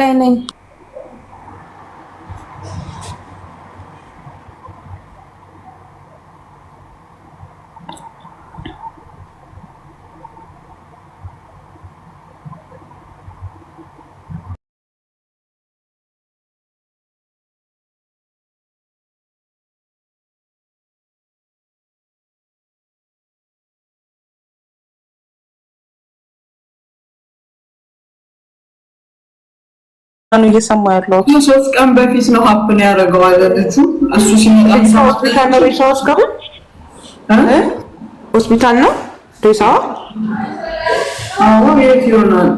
ላይ ነኝ። ነው እየሰማ ያለው። ሶስት ቀን በፊት ነው ሀፕን ያደረገው አለች። እሱ ሲመጣ ሆስፒታል ነው ሬሳ እስካሁን ሆስፒታል ነው ሬሳ። አዎ የት ይሆናል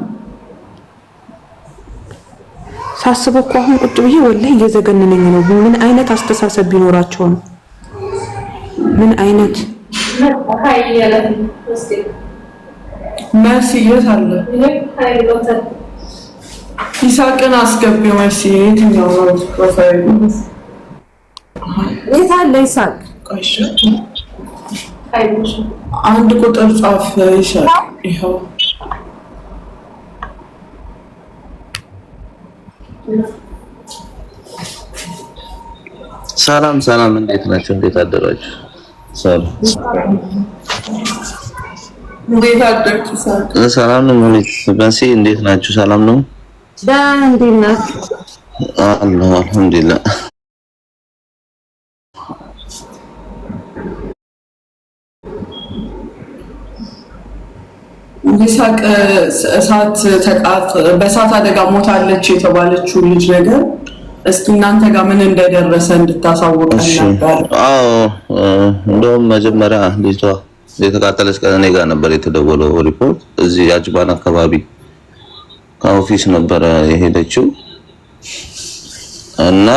ሳስበው እኮ አሁን ቁጭ ብዬ ወላሂ እየዘገነነኝ ነው። ምን አይነት አስተሳሰብ ቢኖራቸው ነው? ምን አይነት መስ ይሳቅን አስገቢው መሲ የትኛው ነው ፕሮፋይሉ? የት አለ ይሳቅ? አንድ ቁጥር ጻፍ ይሳቅ። ይኸው ሰላም ሰላም፣ እንዴት ናችሁ? እንዴት አደራችሁ? ሰላም እንዴት ሰላም ነው። እንዴት ናችሁ? ሰላም ነው። አለሁ አልሐምዱሊላህ። ይሳቅ እሳት ተቃጥ በእሳት አደጋ ሞታለች የተባለችው ልጅ ነገር እስኪ እናንተ ጋር ምን እንደደረሰ እንድታሳውቀን ነበር። አዎ እንደውም መጀመሪያ ልጅቷ የተቃጠለች ቀን እኔ ጋር ነበር የተደወለው ሪፖርት እዚህ አጅባን አካባቢ ከኦፊስ ነበረ የሄደችው እና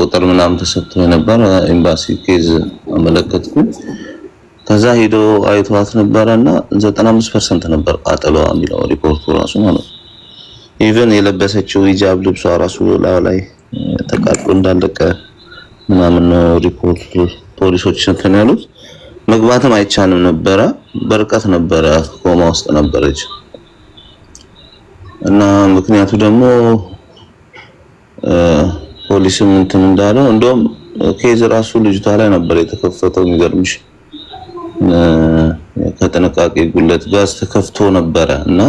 ቁጥር ምናምን ተሰጥቶ የነበረ ኤምባሲ ኬዝ አመለከትኩ። ከዛ ሄዶ አይቷት ነበረ እና ፐርሰንት ነበር ቃጠሎዋ የሚለው ሪፖርቱ ራሱ ማለት ነው። ኢቨን የለበሰችው ሂጃብ ልብሷ ራሱ ላ ላይ ተቃጥሎ እንዳለቀ ምናምን ነው ሪፖርቱ። ፖሊሶች እንትን ያሉት መግባትም አይቻልም ነበረ። በርቀት ነበረ፣ ኮማ ውስጥ ነበረች። እና ምክንያቱ ደግሞ ፖሊስም እንትን እንዳለው እንደውም ኬዝ ራሱ ልጅቷ ላይ ነበር የተከፈተው። የሚገርምሽ ከጥንቃቄ ጉለት ጋዝ ተከፍቶ ነበረ እና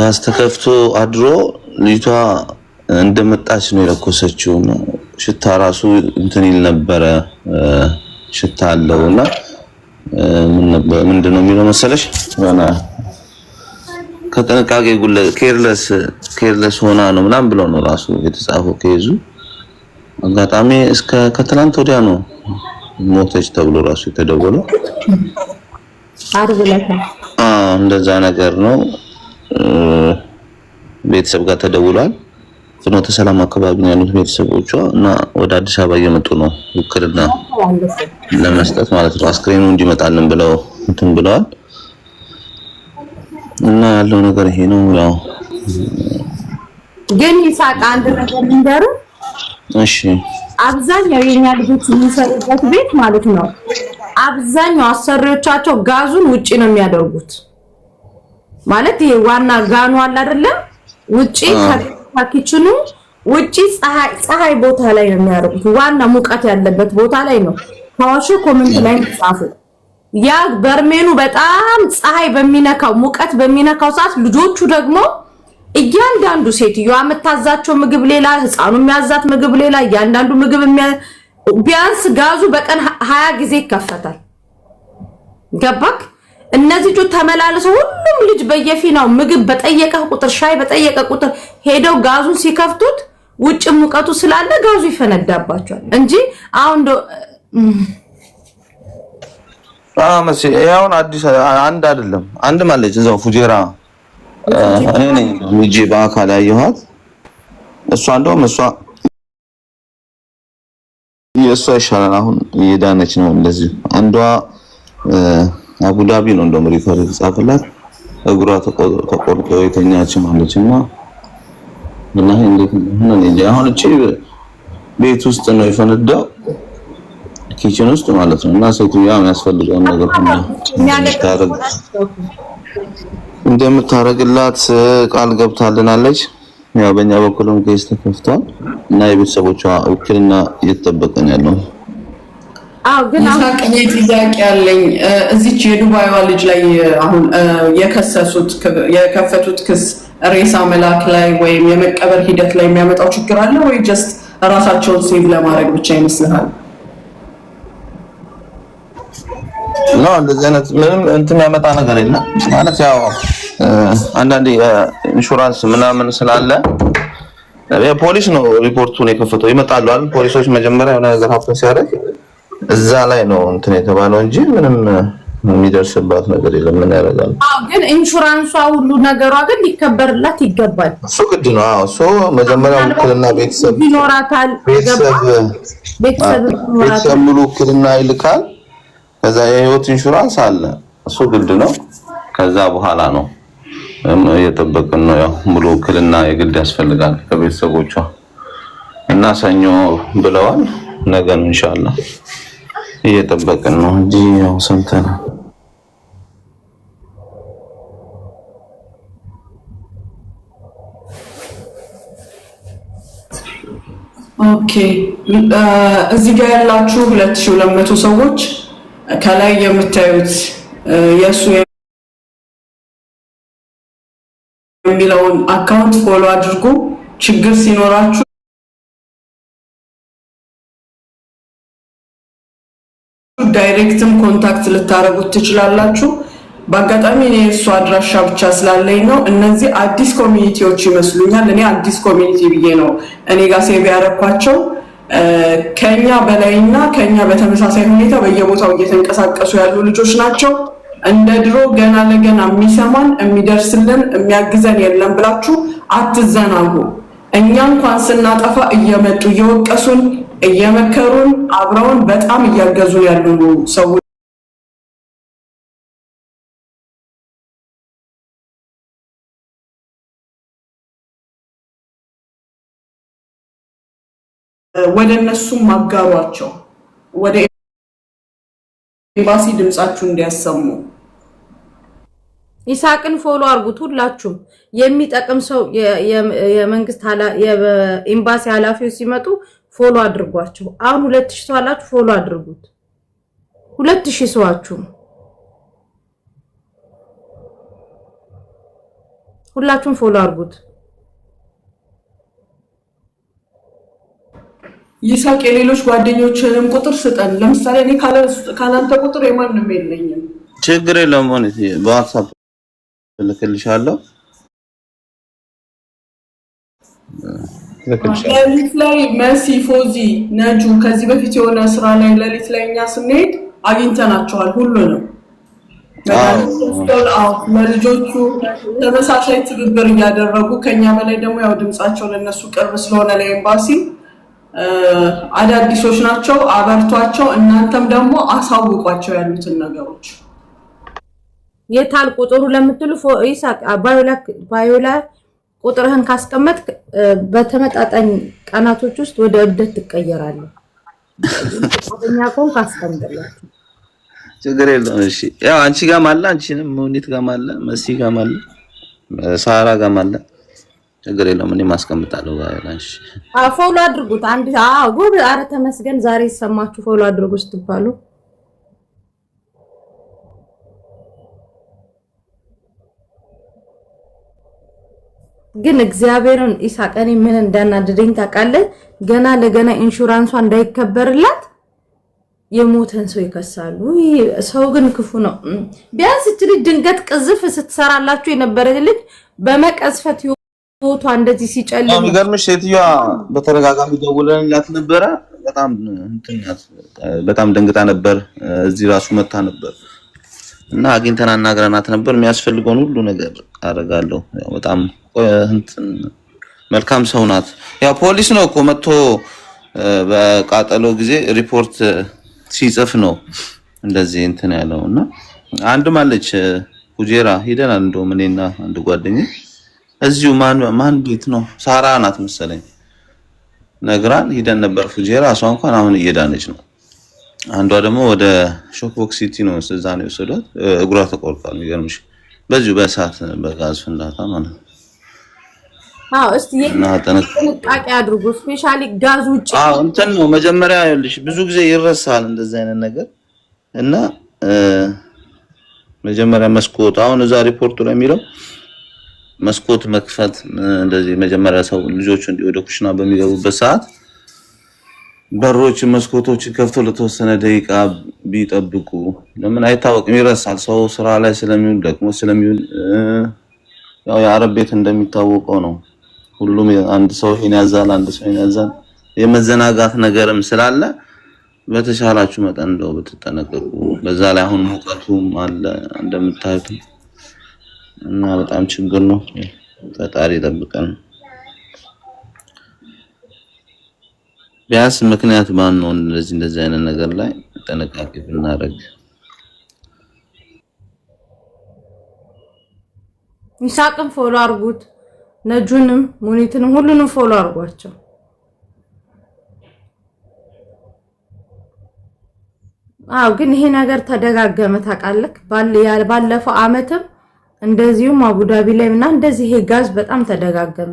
ጋዝ ተከፍቶ አድሮ ልጅቷ እንደመጣች ነው የለኮሰችው። ሽታ ራሱ እንትን ይል ነበረ ሽታ አለው እና ምንድነው የሚለው መሰለሽ ከጥንቃቄ ጉለ ኬርለስ ኬርለስ ሆና ነው ምናምን ብለው ነው ራሱ የተጻፈው። ከይዙ አጋጣሚ እስከ ከትላንት ወዲያ ነው ሞተች ተብሎ ራሱ የተደወለው። እንደዛ ነገር ነው። ቤተሰብ ጋር ተደውሏል። ፍኖተ ሰላም አካባቢ ነው ያሉት ቤተሰቦቿ እና ወደ አዲስ አበባ እየመጡ ነው ውክልና ለመስጠት ማለት ነው። አስክሬኑ እንዲመጣልን ብለው እንትን ብለዋል። እና ያለው ነገር ይሄ ነው። ያው ግን ይሳቅ አንድ ነገር ልንገሩ። እሺ አብዛኛው የኛ ልጆች የሚሰሩበት ቤት ማለት ነው አብዛኛው አሰሪዎቻቸው ጋዙን ውጪ ነው የሚያደርጉት። ማለት ይሄ ዋና ጋኑ አለ አይደለም፣ ውጪ ከኪችኑ ውጪ ፀሐይ ቦታ ላይ ነው የሚያደርጉት። ዋና ሙቀት ያለበት ቦታ ላይ ነው። ታዋሹ ኮሜንት ላይ ጻፉ። ያ በርሜኑ በጣም ፀሐይ በሚነካው ሙቀት በሚነካው ሰዓት ልጆቹ ደግሞ እያንዳንዱ ሴትዮዋ የምታዛቸው ምግብ ሌላ፣ ህፃኑ የሚያዛት ምግብ ሌላ፣ እያንዳንዱ ምግብ ቢያንስ ጋዙ በቀን ሀያ ጊዜ ይከፈታል። ገባክ? እነዚህ ልጆች ተመላልሰው ሁሉም ልጅ በየፊናው ምግብ በጠየቀ ቁጥር ሻይ በጠየቀ ቁጥር ሄደው ጋዙን ሲከፍቱት ውጭ ሙቀቱ ስላለ ጋዙ ይፈነዳባቸዋል እንጂ አሁን መስ አሁን አዲስ አንድ አይደለም አንድም አለች እዛው ፉጀራ እኔ ነኝ ሂጄ በአካል ያየኋት። እሷ እንደውም እሷ የእሷ ይሻላል። አሁን እየዳነች ነው። እንደዚህ አንዷ አቡዳቢ ነው እንደውም ሪከርድ የተጻፈላት እግሯ ተቆርጦ የተኛች ማለች እና እና እንዴት ነው አሁን እቺ ቤት ውስጥ ነው የፈነዳው ኪችን ውስጥ ማለት ነው። እና ሴትዮዋ የሚያስፈልገውን ነገር ሁሉ ቃል ገብታልናለች። ያው በእኛ በኩልም ኬስ ተከፍቷል እና የቤተሰቦቿ ውክልና እየተጠበቀ ያለው። ግን አሁን ጥያቄ ያለኝ እዚች የዱባይዋ ልጅ ላይ አሁን የከሰሱት የከፈቱት ክስ ሬሳ መላክ ላይ ወይም የመቀበር ሂደት ላይ የሚያመጣው ችግር አለ ወይ ጀስት ራሳቸውን ሴቭ ለማድረግ ብቻ ይመስልሃል? ነው እንደዚህ አይነት ምንም እንትን የሚያመጣ ነገር የለም። ማለት ያው አንዳንዴ ኢንሹራንስ ምናምን ስላለ ፖሊስ ነው ሪፖርቱን የከፈተው። ይመጣሉ አይደል ፖሊሶች፣ መጀመሪያ የሆነ ነገር ሀብትን ሲያደርግ እዛ ላይ ነው እንትን የተባለው እንጂ ምንም የሚደርስባት ነገር የለም። ምን ያደርጋል ግን ኢንሹራንሷ ሁሉ ነገሯ ግን ሊከበርላት ይገባል። እሱ ግድ ነው። አዎ እሱ መጀመሪያ ውክልና ቤተሰብ ይኖራታል። ቤተሰብ ሙሉ ውክልና ይልካል ከዛ የህይወት ኢንሹራንስ አለ፣ እሱ ግድ ነው። ከዛ በኋላ ነው እየጠበቅን ነው። ያው ሙሉ ውክልና የግድ ያስፈልጋል ከቤተሰቦቿ እና ሰኞ ብለዋል። ነገ ነው ኢንሻአላህ። እየጠበቅን ነው እንጂ ያው ስንት ነው ኦኬ። እዚህ ጋር ያላችሁ 2200 ሰዎች ከላይ የምታዩት የእሱ የሚለውን አካውንት ፎሎ አድርጉ። ችግር ሲኖራችሁ ዳይሬክትም ኮንታክት ልታደርጉት ትችላላችሁ። በአጋጣሚ እኔ እሱ አድራሻ ብቻ ስላለኝ ነው። እነዚህ አዲስ ኮሚኒቲዎች ይመስሉኛል። እኔ አዲስ ኮሚኒቲ ብዬ ነው እኔ ጋር ሴቭ ያደረኳቸው። ከኛ በላይና ከኛ በተመሳሳይ ሁኔታ በየቦታው እየተንቀሳቀሱ ያሉ ልጆች ናቸው። እንደ ድሮ ገና ለገና የሚሰማን የሚደርስልን የሚያግዘን የለም ብላችሁ አትዘናጉ። እኛ እንኳን ስናጠፋ እየመጡ እየወቀሱን እየመከሩን አብረውን በጣም እያገዙ ያሉ ሰዎች ወደ እነሱም ማጋሯቸው ወደ ኤምባሲ ድምጻችሁ እንዲያሰሙ። ኢሳቅን ፎሎ አርጉት ሁላችሁም። የሚጠቅም ሰው የመንግስት ኤምባሲ ኃላፊዎች ሲመጡ ፎሎ አድርጓቸው። አሁን ሁለት ሺህ ሰው አላችሁ፣ ፎሎ አድርጉት ሁለት ሺህ ሰዋችሁ ሁላችሁም ፎሎ አድርጉት። ይሳቅ የሌሎች ጓደኞችንም ቁጥር ስጠን። ለምሳሌ እኔ ካላንተ ቁጥር የማንም የለኝም። ችግር የለም በዋትሳፕ ልክልሻለሁ። ሌሊት ላይ መሲ፣ ፎዚ፣ ነጁ ከዚህ በፊት የሆነ ስራ ላይ ሌሊት ላይ እኛ ስንሄድ አግኝተናቸዋል ሁሉንም ለልጆቹ ተመሳሳይ ትብብር እያደረጉ ከኛ በላይ ደግሞ ያው ድምጻቸው ለእነሱ ቅርብ ስለሆነ ለኤምባሲ አዳዲሶች ናቸው። አበርቷቸው። እናንተም ደግሞ አሳውቋቸው ያሉትን ነገሮች የታል ቁጥሩ ለምትሉ ይሳቅ ባዮላ ቁጥርህን ካስቀመጥ በተመጣጣኝ ቀናቶች ውስጥ ወደ እብደት ትቀየራለህ። ቁጥኛ ኮን ካስቀምጥላችሁ ችግር የለውም። እሺ ያው አንቺ ጋም አለ፣ አንቺንም ሙኒት ጋም አለ፣ መሲ ጋም አለ፣ ሳራ ጋም አለ ችግር የለውም። እኔ ማስቀምጣለሁ። ፎሎ አድርጉት። አንድ ጎብ አረ ተመስገን። ዛሬ ይሰማችሁ። ፎሎ አድርጉ ስትባሉ ግን እግዚአብሔርን ኢሳቀኔ ምን እንዳናደደኝ ታውቃለህ? ገና ለገና ኢንሹራንሷ እንዳይከበርላት የሞተን ሰው ይከሳሉ። ሰው ግን ክፉ ነው። ቢያንስ እች ልጅ ድንገት ቅዝፍ ስትሰራላችሁ የነበረ ልጅ በመቀዝፈት ፎቷ እንደዚህ ሲጨልም የሚገርምሽ ሴትዮዋ በተደጋጋሚ ደውለንላት ነበረ። በጣም በጣም ደንግጣ ነበር። እዚህ ራሱ መታ ነበር እና አግኝተን አናግረናት ነበር። የሚያስፈልገውን ሁሉ ነገር አደርጋለሁ። በጣም እንትን መልካም ሰው ናት። ያው ፖሊስ ነው እኮ መጥቶ በቃጠሎ ጊዜ ሪፖርት ሲጽፍ ነው እንደዚህ እንትን ያለው እና አንድም አለች ሁጄራ ሂደናል። እንደውም እኔና አንድ ጓደኛ እዚሁ ማን ማን ቤት ነው? ሳራ ናት መሰለኝ ነግራን ሂደን ነበር። ፉጄራ እሷ እንኳን አሁን እየዳነች ነው። አንዷ ደግሞ ወደ ሾክቦክስ ሲቲ ነው እዛ ነው የወሰዷት። እግሯ ተቆርጧል። ይገርምሽ በዚሁ በእሳት በጋዝ ፍንዳታ ማለት ነው። አዎ እስቲ ጥንቃቄ አድርጉ። ስፔሻሊ ጋዝ ውጭ አዎ እንትን ነው መጀመሪያ ያልሽ ብዙ ጊዜ ይረሳል እንደዚህ አይነት ነገር እና መጀመሪያ መስኮት አሁን እዛ ሪፖርቱ ላይ የሚለው መስኮት መክፈት እንደዚህ መጀመሪያ ሰው ልጆቹ ወደ ኩሽና በሚገቡበት ሰዓት በሮች መስኮቶችን ከፍቶ ለተወሰነ ደቂቃ ቢጠብቁ ለምን አይታወቅም፣ ይረሳል። ሰው ስራ ላይ ስለሚውል ደግሞ ስለሚውል ያው የአረብ ቤት እንደሚታወቀው ነው። ሁሉም አንድ ሰው ይሄን ያዛል፣ አንድ ሰው ይሄን ያዛል። የመዘናጋት ነገርም ስላለ በተሻላችሁ መጠን እንደው ብትጠነቀቁ። በዛ ላይ አሁን ሙቀቱም አለ እንደምታዩት እና በጣም ችግር ነው። ፈጣሪ ይጠብቀን። ቢያንስ ምክንያት ማን ነው እንደዚህ እንደዚህ አይነት ነገር ላይ ጥንቃቄ ብናደርግ ይሳቅን ፎሎ አርጉት፣ ነጁንም ሙኒትንም ሁሉንም ፎሎ አርጓቸው። አው ግን ይሄ ነገር ተደጋገመ ታውቃለህ። ባለፈው አመትም እንደዚሁም አቡዳቢ ላይ ምና እንደዚህ ይሄ ጋዝ በጣም ተደጋገመ።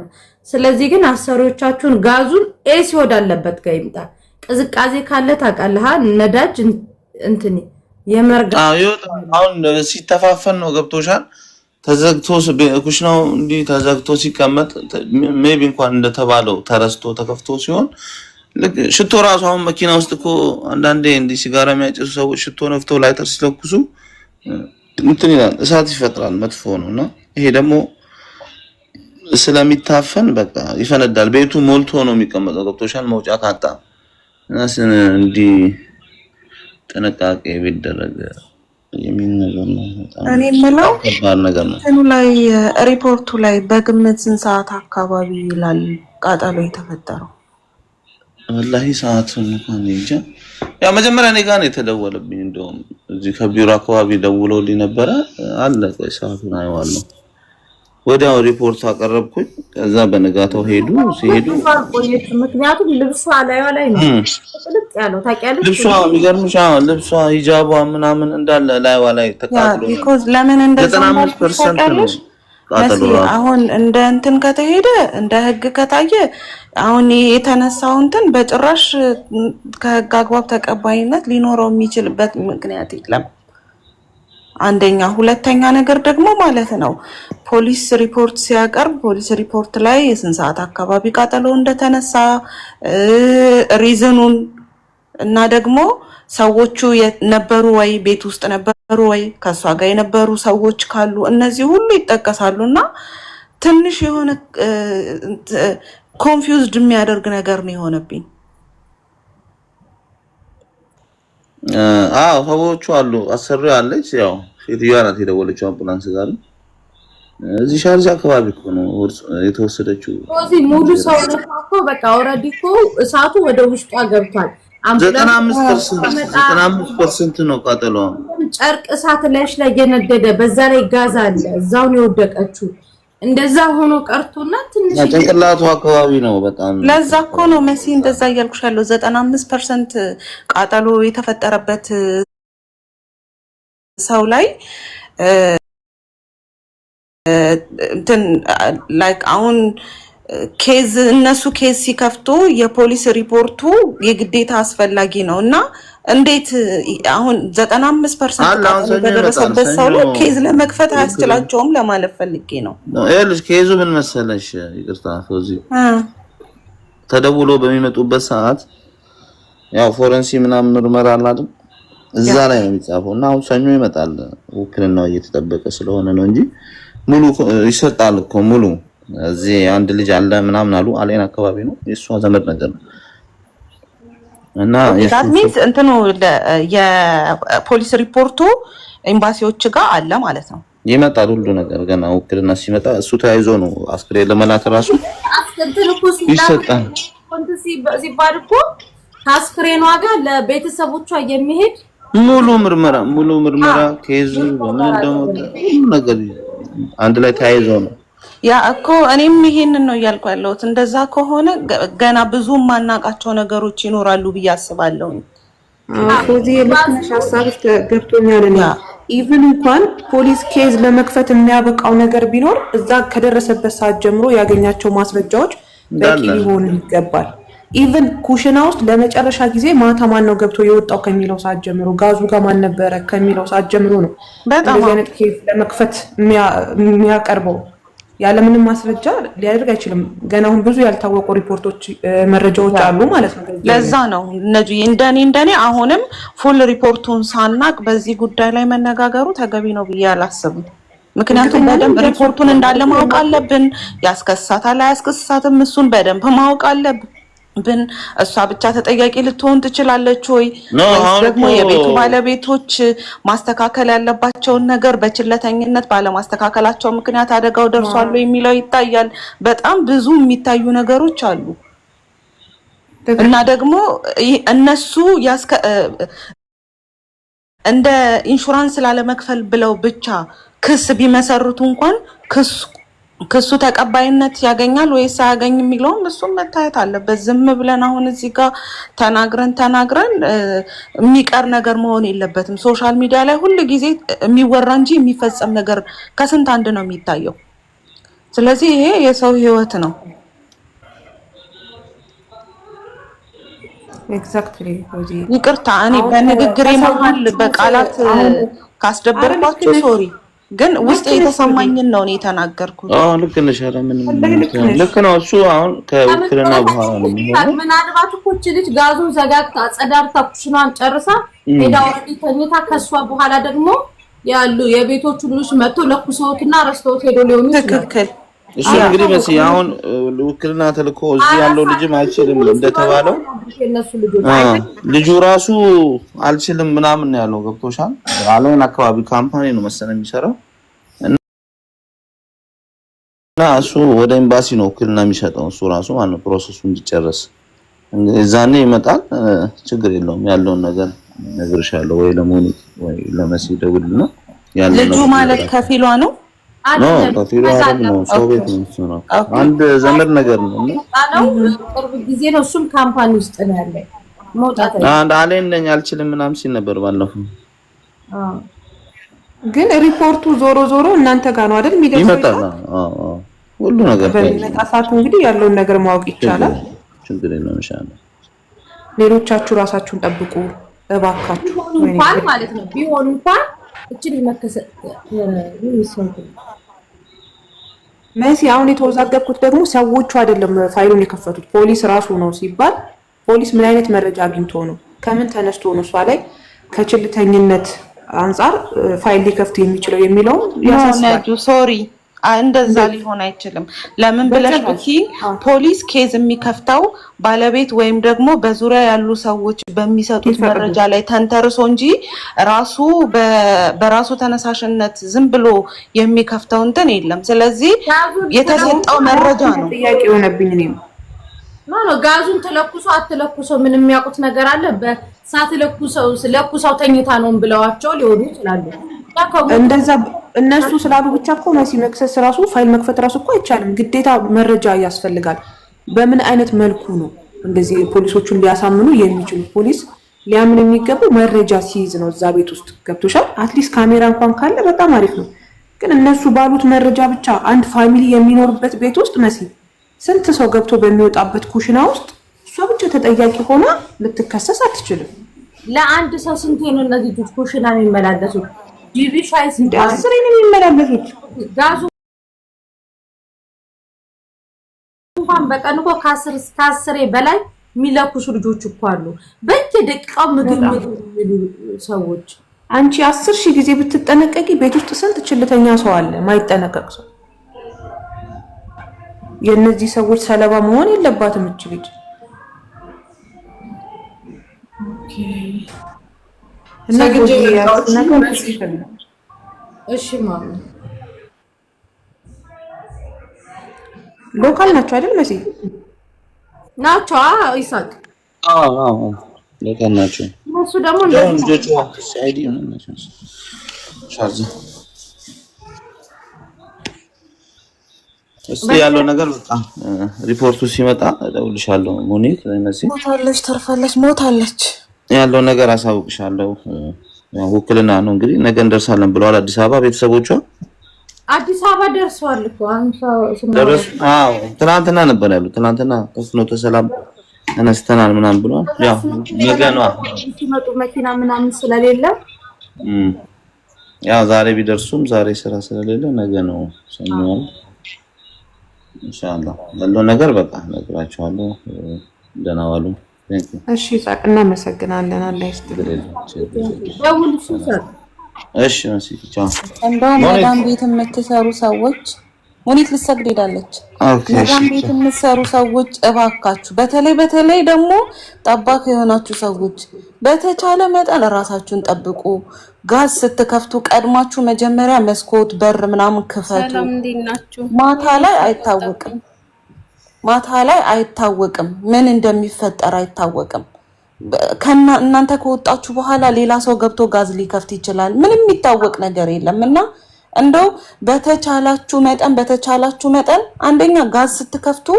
ስለዚህ ግን አሰሪዎቻችሁን ጋዙን ኤሲ ወዳለበት ጋር ይምጣ። ቅዝቃዜ ካለ ታውቃለህ፣ ነዳጅ እንትን የመርጋ አሁን ሲተፋፈን ነው። ገብቶሻል። ተዘግቶ ኩሽናው እንዲህ ተዘግቶ ሲቀመጥ ሜቢ እንኳን እንደተባለው ተረስቶ ተከፍቶ ሲሆን ሽቶ ራሱ አሁን መኪና ውስጥ እኮ አንዳንዴ እንዲህ ሲጋራ የሚያጭሱ ሰዎች ሽቶ ነፍቶ ላይተር ሲለኩሱ እንትን ይላል፣ እሳት ይፈጥራል፣ መጥፎ ነው እና ይሄ ደግሞ ስለሚታፈን በቃ ይፈነዳል። ቤቱ ሞልቶ ነው የሚቀመጠው። ገብቶሻል? መውጫ ካጣ እና እንዲህ ጥንቃቄ ቢደረግ የሚል ነገር ነው። እኔ የምለው እንትኑ ላይ ሪፖርቱ ላይ በግምት ስንት ሰዓት አካባቢ ይላል ቃጠሎ የተፈጠረው? ወላሂ ሰዓት እንኳን እንጃ። ያ መጀመሪያ እኔ ጋር ነው የተደወለብኝ። እንደውም እዚህ ከቢሮ አካባቢ ደውሎልኝ ነበረ። አለ ቆይ ሰዓቱን አየዋለሁ። ወዲያው ሪፖርት አቀረብኩኝ። ከዛ በነጋታው ሄዱ። ሲሄዱ ምክንያቱም ልብሷ ላዩ ላይ ነው ጥልቅ ያለው ታውቂያለሽ። ልብሷ የሚገርምሽ ልብሷ ሂጃቧ ምናምን እንዳለ ላይዋ ላይ ተቃጥሎ ለምን እንደዛ ነው አሁን እንደ እንትን ከተሄደ እንደ ህግ ከታየ አሁን የተነሳው እንትን በጭራሽ ከህግ አግባብ ተቀባይነት ሊኖረው የሚችልበት ምክንያት የለም። አንደኛ፣ ሁለተኛ ነገር ደግሞ ማለት ነው ፖሊስ ሪፖርት ሲያቀርብ ፖሊስ ሪፖርት ላይ የስንት ሰዓት አካባቢ ቃጠሎ እንደተነሳ ሪዝኑን እና ደግሞ ሰዎቹ ነበሩ ወይ ቤት ውስጥ ነበሩ ወይ ከእሷ ጋር የነበሩ ሰዎች ካሉ እነዚህ ሁሉ ይጠቀሳሉ እና ትንሽ የሆነ ኮንፊውዝድ የሚያደርግ ነገር ነው የሆነብኝ። አዎ ሰዎቹ አሉ። አሰሪ አለች። ያው ሴትዮዋ ናት የደወለችው አምቡላንስ ጋር እዚህ ሻርጃ አካባቢ እኮ ነው የተወሰደችው። ሙሉ ሰው በቃ ኦልሬዲ እኮ እሳቱ ወደ ውስጧ ገብቷል። ዘጠና አምስት ፐርሰንት ነው ቃጠሎ። ጨርቅ እሳት ላይሽ ላይ የነደደ በዛ ላይ ጋዝ አለ። እዛው ነው የወደቀችው። እንደዛ ሆኖ ቀርቶና ትንሽ ጭንቅላቱ አካባቢ ነው በጣም ለዛ እኮ ነው መሲ፣ እንደዛ እያልኩሽ ያለው ዘጠና ቃጠሎ የተፈጠረበት ሰው ላይ እንትን ላይክ አሁን ኬዝ እነሱ ኬዝ ሲከፍቱ የፖሊስ ሪፖርቱ የግዴታ አስፈላጊ ነው እና እንዴት አሁን ዘጠና አምስት ፐርሰንት በደረሰበት ሰው ላይ ኬዝ ለመክፈት አያስችላቸውም ለማለት ፈልጌ ነው። ይኸውልሽ ኬዙ ምን መሰለሽ፣ ይቅርታ እዚህ ተደውሎ በሚመጡበት ሰዓት ያው ፎረንሲ ምናምን ምርመራ አላለም እዛ ላይ ነው የሚጻፈው እና አሁን ሰኞ ይመጣል። ውክልናው እየተጠበቀ ስለሆነ ነው እንጂ ሙሉ ይሰጣል እኮ ሙሉ እዚህ አንድ ልጅ አለ ምናምን አሉ። አሌን አካባቢ ነው የእሷ ዘመድ ነገር ነው እና ሚንስ እንትኑ የፖሊስ ሪፖርቱ ኤምባሲዎች ጋር አለ ማለት ነው። ይመጣል ሁሉ ነገር ገና ውክልና ሲመጣ እሱ ተያይዞ ነው አስክሬ ለመላክ ራሱ ይሰጣል ሲባል እኮ ከአስክሬኗ ጋር ለቤተሰቦቿ የሚሄድ ሙሉ ምርመራ ሙሉ ምርመራ ከይዙ በምን እንደሞ ነገር አንድ ላይ ተያይዞ ነው ያ እኮ እኔም ይሄንን ነው እያልኩ ያለሁት። እንደዛ ከሆነ ገና ብዙ ማናቃቸው ነገሮች ይኖራሉ ብዬ አስባለሁ። ከዚህ የልክነሽ ሀሳብ ገብቶኛል። ኢቭን እንኳን ፖሊስ ኬዝ ለመክፈት የሚያበቃው ነገር ቢኖር እዛ ከደረሰበት ሰዓት ጀምሮ ያገኛቸው ማስረጃዎች በቂ ሊሆኑ ይገባል። ኢቭን ኩሽና ውስጥ ለመጨረሻ ጊዜ ማታ ማን ነው ገብቶ የወጣው ከሚለው ሰዓት ጀምሮ ጋዙ ጋር ማን ነበረ ከሚለው ሰዓት ጀምሮ ነው በጣም ኬዝ ለመክፈት የሚያቀርበው ያለምንም ማስረጃ ሊያደርግ አይችልም። ገና አሁን ብዙ ያልታወቁ ሪፖርቶች፣ መረጃዎች አሉ ማለት ነው። ለዛ ነው እነዚ እንደኔ እንደኔ አሁንም ፉል ሪፖርቱን ሳናቅ በዚህ ጉዳይ ላይ መነጋገሩ ተገቢ ነው ብዬ አላስብም። ምክንያቱም በደንብ ሪፖርቱን እንዳለ ማወቅ አለብን። ያስከሳታል አያስከሳትም፣ እሱን በደንብ ማወቅ አለብን። ብን እሷ ብቻ ተጠያቂ ልትሆን ትችላለች ወይ? ወይስ ደግሞ የቤቱ ባለቤቶች ማስተካከል ያለባቸውን ነገር በችለተኝነት ባለማስተካከላቸው ምክንያት አደጋው ደርሷሉ የሚለው ይታያል። በጣም ብዙ የሚታዩ ነገሮች አሉ እና ደግሞ እነሱ እንደ ኢንሹራንስ ላለመክፈል ብለው ብቻ ክስ ቢመሰርቱ እንኳን ክስ ክሱ ተቀባይነት ያገኛል ወይስ አያገኝ የሚለውም እሱም መታየት አለበት። ዝም ብለን አሁን እዚህ ጋር ተናግረን ተናግረን የሚቀር ነገር መሆን የለበትም። ሶሻል ሚዲያ ላይ ሁል ጊዜ የሚወራ እንጂ የሚፈጸም ነገር ከስንት አንድ ነው የሚታየው። ስለዚህ ይሄ የሰው ህይወት ነው። ይቅርታ እኔ በንግግሬ መሀል በቃላት ካስደበርኳችሁ ሶሪ ግን ውስጥ የተሰማኝን ነው እኔ የተናገርኩት። ልክ ነሽ። ኧረ ምንም ልክ ነው እሱ። አሁን ከውክልና በኋላ ነው ምናልባት እኮ ይህች ልጅ ጋዙን ዘጋግታ ጸዳርታ ኩሽኗን ጨርሳ ሄዳ ወረዲ ተኝታ ከእሷ በኋላ ደግሞ ያሉ የቤቶቹ ልጆች መጥቶ ለኩሰውትና ረስተውት ሄዶ ሊሆኑ ትክክል እሱ እንግዲህ መሲ አሁን ውክልና ተልኮ እዚህ ያለው ልጅም አይችልም እንደተባለው ልጁ ራሱ አልችልም ምናምን ያለው ገብቶሻል። አለን አካባቢ ካምፓኒ ነው መሰለኝ የሚሰራው እና እሱ ወደ ኤምባሲ ነው ውክልና የሚሰጠው እሱ ራሱ ማለት ነው። ፕሮሰሱ እንዲጨረስ እዛኔ ይመጣል። ችግር የለውም ያለውን ነገር ነግርሻለሁ። ወይ ለሞኒክ ወይ ለመሲ ደውልና ያለው ልጁ ማለት ከፊሏ ነው ነው ታሲሩ አረብ ነው ሰው ቤት ነው አንድ ዘመድ ነገር ነው። ቅርብ ጊዜ ነው እሱም ካምፓኒ ውስጥ ነው ያለ መውጣት አንድ አለኝ ነኝ አልችልም ምናምን ሲል ነበር ባለፈው። ግን ሪፖርቱ ዞሮ ዞሮ እናንተ ጋር ነው አይደል የሚደርሰው? ይመጣል። ሁሉ ነገር በመጣሳት እንግዲህ ያለውን ነገር ማወቅ ይቻላል። ችግር የለም ኢንሻአላህ። ሌሎቻችሁ ራሳችሁን ጠብቁ እባካችሁ። እንኳን ማለት ነው ቢሆን እንኳን መሲ አሁን የተወዛገብኩት ደግሞ ሰዎቹ አይደለም ፋይሉን የከፈቱት ፖሊስ ራሱ ነው ሲባል፣ ፖሊስ ምን አይነት መረጃ አግኝቶ ነው? ከምን ተነስቶ ነው እሷ ላይ ከችልተኝነት አንጻር ፋይል ሊከፍት የሚችለው የሚለውን ያሳስባል። ሶሪ እንደዛ ሊሆን አይችልም። ለምን ብለሽ ብኪ ፖሊስ ኬዝ የሚከፍተው ባለቤት ወይም ደግሞ በዙሪያ ያሉ ሰዎች በሚሰጡት መረጃ ላይ ተንተርሶ እንጂ ራሱ በራሱ ተነሳሽነት ዝም ብሎ የሚከፍተው እንትን የለም። ስለዚህ የተሰጠው መረጃ ነው። ጥያቄ የሆነብኝ እኔም ጋዙን ተለኩሶ አትለኩሰው ምን የሚያውቁት ነገር አለ? በሳትለኩሰው ለኩሰው ተኝታ ነው ብለዋቸው ሊሆኑ ይችላሉ። እንደዛ እነሱ ስላሉ ብቻ እኮ መሲ መክሰስ ራሱ ፋይል መክፈት ራሱ እኮ አይቻልም። ግዴታ መረጃ ያስፈልጋል። በምን አይነት መልኩ ነው እንደዚህ ፖሊሶቹን ሊያሳምኑ የሚችሉ? ፖሊስ ሊያምን የሚገባው መረጃ ሲይዝ ነው። እዛ ቤት ውስጥ ገብቶሻል። አትሊስት ካሜራ እንኳን ካለ በጣም አሪፍ ነው። ግን እነሱ ባሉት መረጃ ብቻ አንድ ፋሚሊ የሚኖርበት ቤት ውስጥ መሲ ስንት ሰው ገብቶ በሚወጣበት ኩሽና ውስጥ እሷ ብቻ ተጠያቂ ሆና ልትከሰስ አትችልም። ለአንድ ሰው ስንት ነው እነዚህ ኩሽና የሚመላለሱት? እንኳን በቀን እኮ ከአስር በላይ የሚለኩሱ ልጆች እኮ አሉ። በየደቂቃው ምግብ ሰዎች አንቺ አስር ሺህ ጊዜ ብትጠነቀቂ ቤት ውስጥ ስንት ችልተኛ ሰው አለ ማይጠነቀቅ ሰው። የእነዚህ ሰዎች ሰለባ መሆን የለባትም እች ልጅ። እና እሺ ማሚ ሎካል ናቸው አይደል? መሲ ናቸው። አዎ ይሳቅ ሎካል ናቸው። እሱ ደግሞ እሱ ያለው ነገር በጣም ሪፖርቱ ሲመጣ እደውልልሻለሁ። ሞኒክ ሞታለች ያለው ነገር አሳውቅሻለሁ። ውክልና ነው እንግዲህ ነገ እንደርሳለን ብለዋል። አዲስ አበባ ቤተሰቦቿ አዲስ አበባ ደርሰዋል እኮ ትናንትና ነበር ያሉት። ትናንትና ከፍኖተ ሰላም ተነስተናል ምናምን ብለዋል። ያው ነገ ሲመጡ መኪና ምናምን ስለሌለ ያው ዛሬ ቢደርሱም ዛሬ ስራ ስለሌለ ነገ ነው ሰኞዋል። ኢንሻአላህ ያለው ነገር በቃ ነግራቸዋለሁ። ደህና ዋሉ። እሺ ይሳቅ፣ እናመሰግናለን። አላ ይስጥልን። እንደውም መዳም ቤት የምትሰሩ ሰዎች ሙኒት ልትሰግድ ሄዳለች። መዳም ቤት የምትሰሩ ሰዎች እባካችሁ፣ በተለይ በተለይ ደግሞ ጠባቂ የሆናችሁ ሰዎች በተቻለ መጠን እራሳችሁን ጠብቁ። ጋዝ ስትከፍቱ ቀድማችሁ መጀመሪያ መስኮት፣ በር ምናምን ክፈቱ። ማታ ላይ አይታወቅም። ማታ ላይ አይታወቅም፣ ምን እንደሚፈጠር አይታወቅም። እናንተ ከወጣችሁ በኋላ ሌላ ሰው ገብቶ ጋዝ ሊከፍት ይችላል። ምንም የሚታወቅ ነገር የለም እና እንደው በተቻላችሁ መጠን በተቻላችሁ መጠን አንደኛ ጋዝ ስትከፍቱ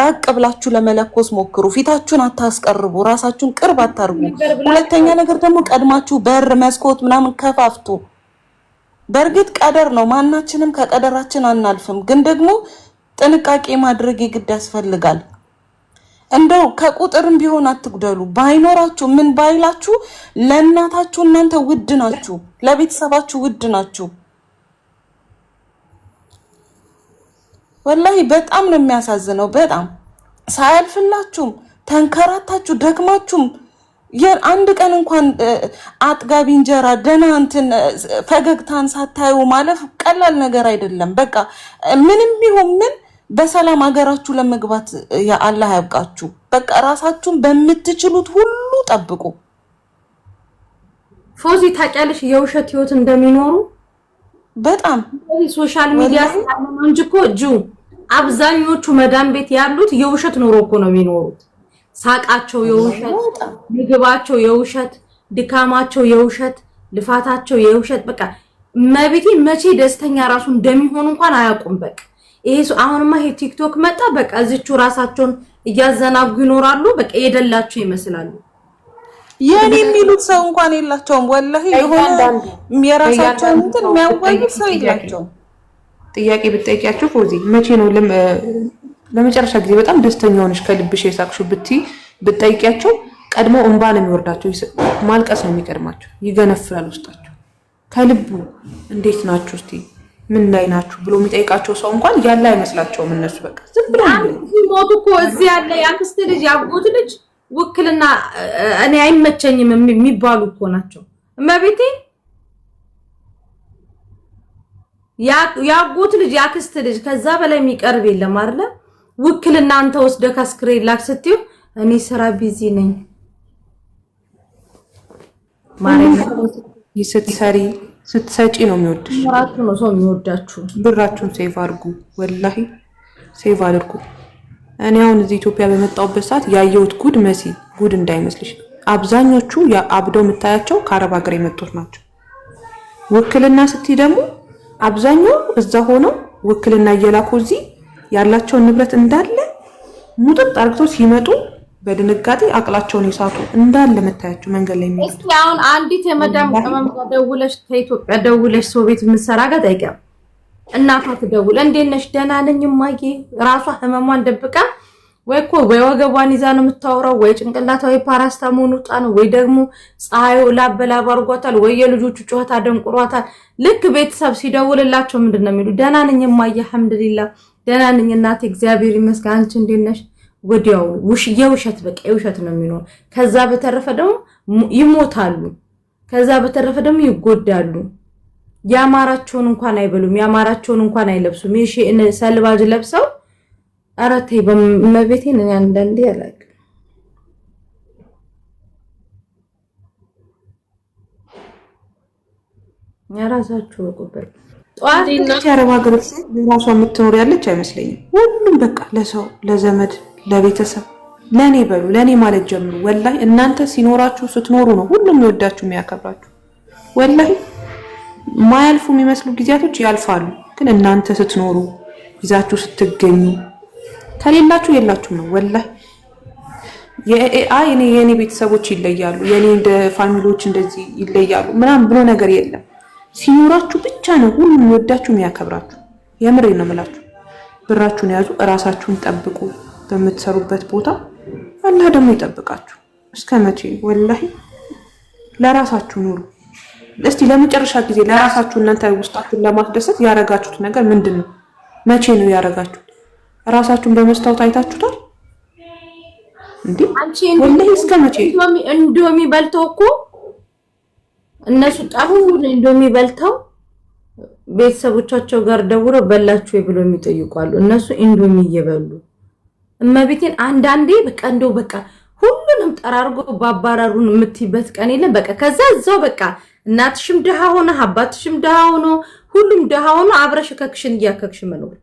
ራቅ ብላችሁ ለመለኮስ ሞክሩ። ፊታችሁን አታስቀርቡ፣ ራሳችሁን ቅርብ አታርጉ። ሁለተኛ ነገር ደግሞ ቀድማችሁ በር፣ መስኮት ምናምን ከፋፍቱ። በእርግጥ ቀደር ነው፣ ማናችንም ከቀደራችን አናልፍም። ግን ደግሞ ጥንቃቄ ማድረግ የግድ ያስፈልጋል። እንደው ከቁጥርም ቢሆን አትጉደሉ። ባይኖራችሁ ምን ባይላችሁ፣ ለእናታችሁ እናንተ ውድ ናችሁ፣ ለቤተሰባችሁ ውድ ናችሁ። ወላሂ በጣም ነው የሚያሳዝነው። በጣም ሳያልፍላችሁም ተንከራታችሁ ደክማችሁም አንድ ቀን እንኳን አጥጋቢ እንጀራ ደህና እንትን ፈገግታን ሳታዩ ማለፍ ቀላል ነገር አይደለም። በቃ ምንም ቢሆን ምን በሰላም ሀገራችሁ ለመግባት አላህ ያብቃችሁ። በቃ ራሳችሁን በምትችሉት ሁሉ ጠብቁ። ፎዚ ታውቂያለሽ የውሸት ህይወት እንደሚኖሩ በጣም ሶሻል ሚዲያ እንጂ እኮ እጁ አብዛኞቹ መዳን ቤት ያሉት የውሸት ኑሮ እኮ ነው የሚኖሩት። ሳቃቸው የውሸት፣ ምግባቸው የውሸት፣ ድካማቸው የውሸት፣ ልፋታቸው የውሸት። በቃ መቤቴ መቼ ደስተኛ ራሱ እንደሚሆኑ እንኳን አያውቁም። በቃ ይሄ አሁንማ ይሄ ቲክቶክ መጣ። በቃ እዚቹ ራሳቸውን እያዘናጉ ይኖራሉ። በቃ የደላቸው ይመስላሉ። የኔ የሚሉት ሰው እንኳን የላቸውም። ወላሂ የሆነ የራሳቸውን እንትን የሚያዋዩት ሰው የላቸውም። ጥያቄ ብጠይቂያቸው ፎዚ መቼ ነው ለመጨረሻ ጊዜ በጣም ደስተኛ ሆነሽ ከልብሽ የሳቅሹ ብቲ ብጠይቂያቸው ቀድሞ እንባ ነው የሚወርዳቸው። ማልቀስ ነው የሚቀድማቸው። ይገነፍላል ውስጣቸው ከልቡ እንዴት ናችሁ እስቲ ምን ላይ ናችሁ ብሎ የሚጠይቃቸው ሰው እንኳን ያለ አይመስላቸውም። እነሱ በቃ ዝም ብሎ ሞቱ እኮ እዚህ ያለ የአክስት ልጅ የአጎት ልጅ ውክልና እኔ አይመቸኝም የሚባሉ እኮ ናቸው። እመቤቴ የአጎት ልጅ የአክስት ልጅ ከዛ በላይ የሚቀርብ የለም አለ ውክልና አንተ ወስደህ ከአስክሬን ላክ ስትዩ እኔ ስራ ቢዚ ነኝ ስትሰሪ ስትሰጪ ነው የሚወድሽ። ነው ሰው የሚወዳችሁ። ብራችሁን ሴቭ አድርጉ፣ ወላሂ ሴቭ አድርጉ። እኔ አሁን እዚህ ኢትዮጵያ በመጣሁበት ሰዓት ያየሁት ጉድ መሲ ጉድ እንዳይመስልሽ፣ አብዛኞቹ አብደው የምታያቸው ከአረብ ሀገር የመጡት ናቸው። ውክልና ስትይ ደግሞ አብዛኛው እዛ ሆነው ውክልና እየላኩ እዚህ ያላቸውን ንብረት እንዳለ ሙጥጥ አርግተው ሲመጡ በድንጋጤ አቅላቸውን የሳቱ እንዳለ መታያቸው መንገድ ላይ የሚሄዱ አሁን አንዲት የመዳም ቅመም ደውለሽ ከኢትዮጵያ ደውለሽ ሰው ቤት የምትሰራ ጋር ጠይቂያም። እናቷ ትደውል እንዴት ነሽ? ደህና ነኝ እማዬ። ራሷ ህመሟን ደብቃ ወይ እኮ ወይ ወገቧን ይዛ ነው የምታወራው፣ ወይ ጭንቅላቷ ወይ ፓራስታሞን ውጣ ነው፣ ወይ ደግሞ ፀሐዩ ላበላብ አድርጓታል፣ ወይ የልጆቹ ጩኸታ ደንቁሯታል። ልክ ቤተሰብ ሲደውልላቸው ምንድን ነው የሚሉ? ደህና ነኝ እማዬ፣ አልሐምድሊላህ ደህና ነኝ እናቴ፣ እግዚአብሔር ይመስገን። አንቺ እንዴት ነሽ? ወዲያው የውሸት በቃ የውሸት ነው የሚኖር። ከዛ በተረፈ ደግሞ ይሞታሉ። ከዛ በተረፈ ደግሞ ይጎዳሉ። የአማራቸውን እንኳን አይበሉም፣ የአማራቸውን እንኳን አይለብሱም። ይህ ሰልባጅ ለብሰው አረቴ በመቤቴን እኔ አንዳንዴ ያላቅ የራሳችሁ ወቁበት። ጠዋት አረብ ሀገር የራሷ የምትኖር ያለች አይመስለኝም። ሁሉም በቃ ለሰው ለዘመድ ለቤተሰብ ለእኔ በሉ ለእኔ ማለት ጀምሩ። ወላይ እናንተ ሲኖራችሁ ስትኖሩ ነው ሁሉም ይወዳችሁ የሚያከብራችሁ። ወላይ ማያልፉ የሚመስሉ ጊዜያቶች ያልፋሉ፣ ግን እናንተ ስትኖሩ ይዛችሁ ስትገኙ ከሌላችሁ የላችሁም ነው ወላይ። የኔ የኔ ቤተሰቦች ይለያሉ፣ የእኔ እንደ ፋሚሊዎች እንደዚህ ይለያሉ ምናምን ብሎ ነገር የለም። ሲኖራችሁ ብቻ ነው ሁሉም የሚወዳችሁ የሚያከብራችሁ። የምሬ ነው ምላችሁ ብራችሁን ያዙ፣ እራሳችሁን ጠብቁ። በምትሰሩበት ቦታ አላህ ደግሞ ይጠብቃችሁ። እስከ መቼ ወላሂ ለራሳችሁ ኑሩ። እስቲ ለመጨረሻ ጊዜ ለራሳችሁ እናንተ ውስጣችሁን ለማስደሰት ያረጋችሁት ነገር ምንድን ነው? መቼ ነው ያረጋችሁት? ራሳችሁን በመስታወት አይታችሁታል? ወላሂ እስከ መቼ እንዶሚ በልተው እኮ እነሱ ጣሁን እንዶሚ በልተው ቤተሰቦቻቸው ጋር ደውለው በላችሁ ብሎ የሚጠይቋሉ። እነሱ እንዶሚ እየበሉ እመቤቴን አንዳንዴ በቃ እንደው በቃ ሁሉንም ጠራርጎ ባባራሩን የምትይበት ቀን የለም። በቃ ከዛ እዛው በቃ እናትሽም ድሃ ሆነ አባትሽም ድሃ ሆኖ ሁሉም ድሃ ሆኖ አብረሽ ከክሽን እያከክሽ መኖር